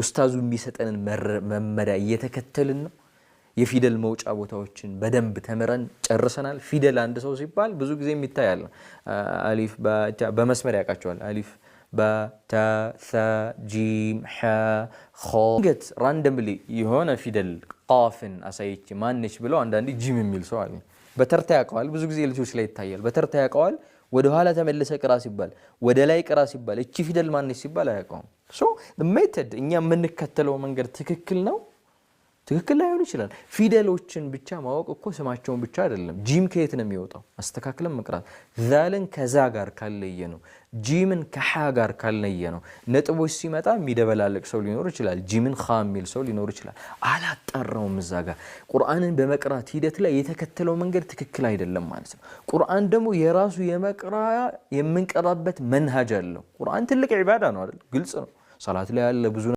ውስታዙ የሚሰጠንን መመሪያ እየተከተልን ነው። የፊደል መውጫ ቦታዎችን በደንብ ተምረን ጨርሰናል። ፊደል አንድ ሰው ሲባል ብዙ ጊዜ የሚታያል። አሊፍ በመስመር ያውቃቸዋል። አሊፍ በተጂም ንገት ራንደምሊ የሆነ ፊደል ቃፍን አሳይች ማነች ብለው አንዳንዴ ጂም የሚል ሰው አለ። በተርታ ያውቀዋል። ብዙ ጊዜ ልጆች ላይ ይታያል። በተርታ ያውቀዋል። ወደ ኋላ ተመልሰ ቅራ ሲባል፣ ወደ ላይ ቅራ ሲባል፣ እቺ ፊደል ማነች ሲባል አያውቀውም። ሶ ሜተድ እኛ የምንከተለው መንገድ ትክክል ነው ትክክል ላይሆን ይችላል። ፊደሎችን ብቻ ማወቅ እኮ ስማቸውን ብቻ አይደለም። ጂም ከየት ነው የሚወጣው? አስተካክለን መቅራት። ዛልን ከዛ ጋር ካለየ ነው፣ ጂምን ከሓ ጋር ካልነየ ነው። ነጥቦች ሲመጣ የሚደበላለቅ ሰው ሊኖር ይችላል። ጂምን ኻ የሚል ሰው ሊኖር ይችላል። አላጠራውም እዛ ጋር። ቁርአንን በመቅራት ሂደት ላይ የተከተለው መንገድ ትክክል አይደለም ማለት ነው። ቁርአን ደግሞ የራሱ የመቅራያ የምንቀራበት መንሃጅ አለው። ቁርአን ትልቅ ዒባዳ ነው አይደል? ግልጽ ነው። ሰላት ላይ ያለ ብዙ